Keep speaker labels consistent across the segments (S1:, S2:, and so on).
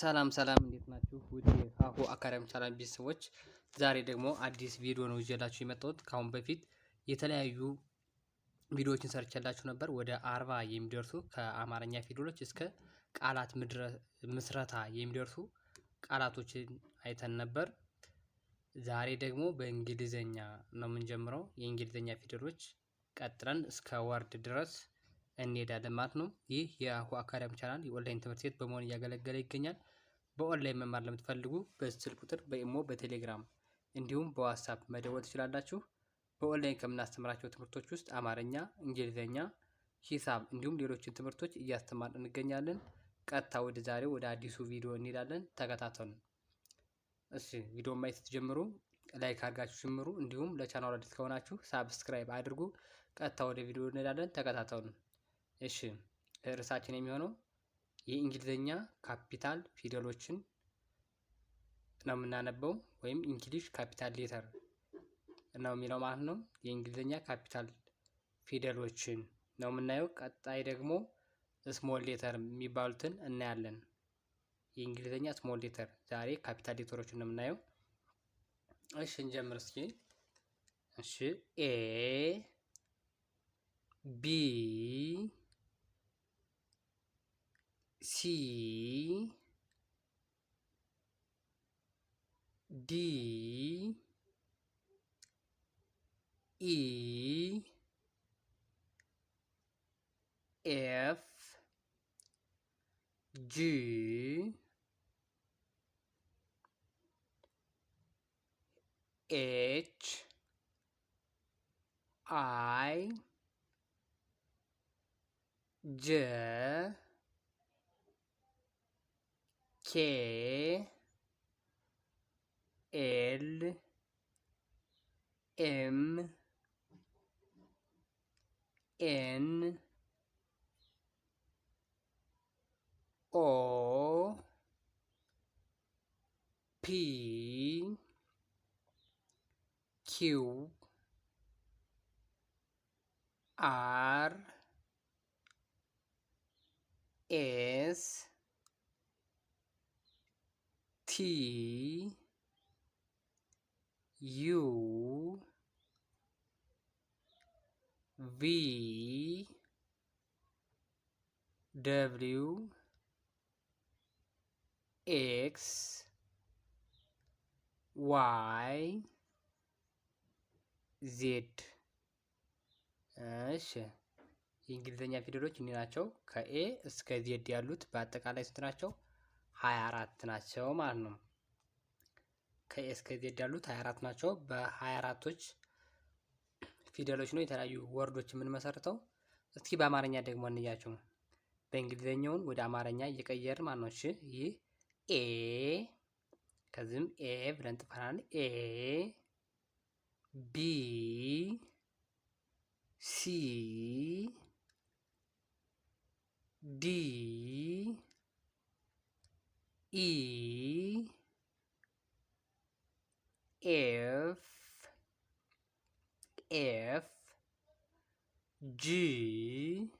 S1: ሰላም ሰላም እንዴት ናችሁ? ውድ ሀሁ አካዳሚ ቻናል ቤተሰቦች ዛሬ ደግሞ አዲስ ቪዲዮ ነው ይዤላችሁ የመጣሁት። ከአሁን በፊት የተለያዩ ቪዲዮዎችን ሰርቼላችሁ ነበር። ወደ አርባ የሚደርሱ ከአማርኛ ፊደሎች እስከ ቃላት ምስረታ የሚደርሱ ቃላቶችን አይተን ነበር። ዛሬ ደግሞ በእንግሊዘኛ ነው የምንጀምረው። የእንግሊዘኛ ፊደሎች ቀጥለን እስከ ወርድ ድረስ እንሄዳለን ማለት ነው። ይህ የአሁ አካዳሚ ቻናል የኦንላይን ትምህርት ቤት በመሆን እያገለገለ ይገኛል። በኦንላይን መማር ለምትፈልጉ በስልክ ቁጥር በኢሞ በቴሌግራም እንዲሁም በዋትሳፕ መደወል ትችላላችሁ። በኦንላይን ከምናስተምራቸው ትምህርቶች ውስጥ አማርኛ፣ እንግሊዝኛ፣ ሂሳብ እንዲሁም ሌሎችን ትምህርቶች እያስተማር እንገኛለን። ቀጥታ ወደ ዛሬው ወደ አዲሱ ቪዲዮ እንሄዳለን። ተከታተሉ። እሺ ቪዲዮ ማየት ስትጀምሩ ላይክ አድርጋችሁ ጀምሩ። እንዲሁም ለቻናሉ አዲስ ከሆናችሁ ሳብስክራይብ አድርጉ። ቀጥታ ወደ ቪዲዮ እንሄዳለን። ተከታተሉ። እሺ ርዕሳችን የሚሆነው የእንግሊዝኛ ካፒታል ፊደሎችን ነው የምናነበው ወይም እንግሊሽ ካፒታል ሌተር ነው የሚለው ማለት ነው። የእንግሊዝኛ ካፒታል ፊደሎችን ነው የምናየው። ቀጣይ ደግሞ ስሞል ሌተር የሚባሉትን እናያለን። የእንግሊዝኛ ስሞል ሌተር ዛሬ ካፒታል ሌተሮችን ነው የምናየው። እሺ እንጀምር እስኪ። እሺ ኤ ቢ T. D. E. F. G. H. I. J que el M N O P Q R S ቲ ዩ ቪ ደብሊው ኤክስ ዋይ ዜድ። እሺ የእንግሊዝኛ ፊደሎች እኒ ናቸው። ከኤ እስከ ዜድ ያሉት በአጠቃላይ ስንት ናቸው? ሀያ አራት ናቸው ማለት ነው። ከኤ እስከ ዜድ ያሉት ሀያ አራት ናቸው። በሀያ አራቶች ፊደሎች ነው የተለያዩ ወርዶች የምንመሰርተው። እስኪ በአማርኛ ደግሞ እንያቸው። በእንግሊዝኛውን ወደ አማርኛ እየቀየር ማለት ነው። እሺ ይህ ኤ ከዚህም ኤ ብለን ጥፈናል። ኤ ቢ ሲ ዲ E F F G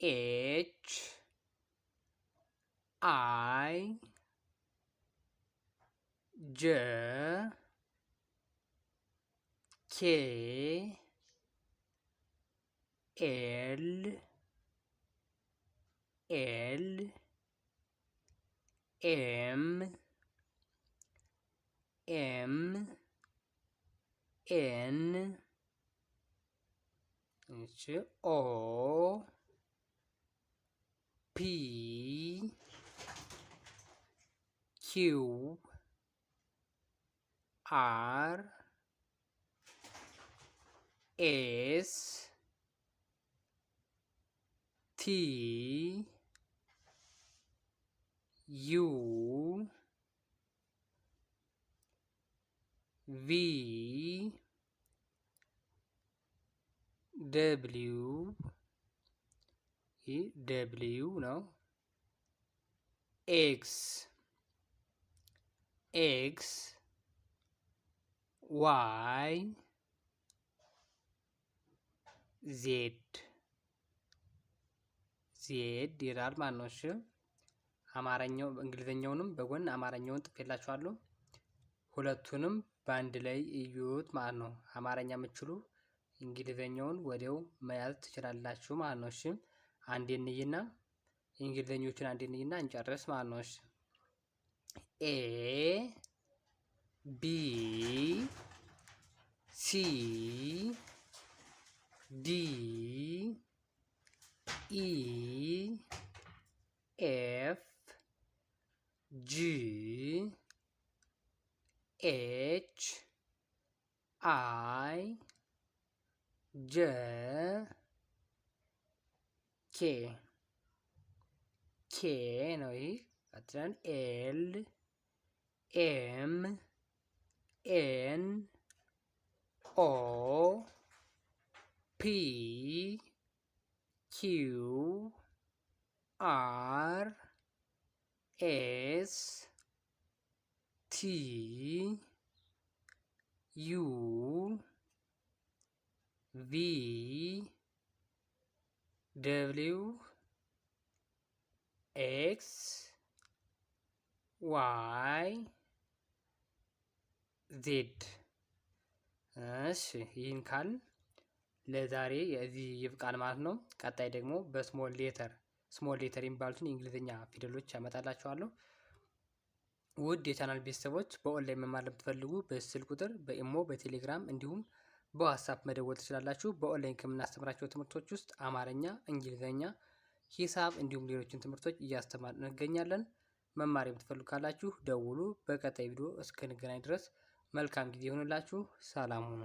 S1: H I J K L L M M N H O P Q R S T U, V, W, W now X X Y Z Z there are manual አማረኛው እንግሊዘኛውንም በጎን አማረኛውን ጥፌላችኋለሁ። ሁለቱንም በአንድ ላይ እዩት ማለት ነው። አማረኛ የምችሉ እንግሊዘኛውን ወዲያው መያዝ ትችላላችሁ ማለት ነው። እሺ አንዴ እንይና እንግሊዘኞቹን አንዴ እንይና እንጨርስ ማለት ነው። እሺ ኤ ቢ ሲ ዲ ኢ ጀ ኬ ኬ ነው። ይህ ቀጥለን ኤል ኤም ኤን ኦ ፒ ኪው አር ኤስ ቲ ዩ ቪ ደብሊው ኤክስ ዋይ ዜድ። እሺ ይህን ካል ለዛሬ የዚህ ይብቃል ማለት ነው። ቀጣይ ደግሞ በስሞል ሌተር ስሞል ሌተር የሚባሉትን የእንግሊዝኛ ፊደሎች ያመጣላችኋለሁ። ውድ የቻናል ቤተሰቦች በኦንላይን መማር ለምትፈልጉ በስልክ ቁጥር በኢሞ በቴሌግራም እንዲሁም በዋትሳፕ መደወል ትችላላችሁ። በኦንላይን ከምናስተምራቸው ትምህርቶች ውስጥ አማርኛ፣ እንግሊዝኛ፣ ሂሳብ እንዲሁም ሌሎችን ትምህርቶች እያስተማር እንገኛለን። መማር የምትፈልጉ ካላችሁ ደውሉ። በቀጣይ ቪዲዮ እስክንገናኝ ድረስ መልካም ጊዜ ይሆንላችሁ። ሰላም ሁኑ።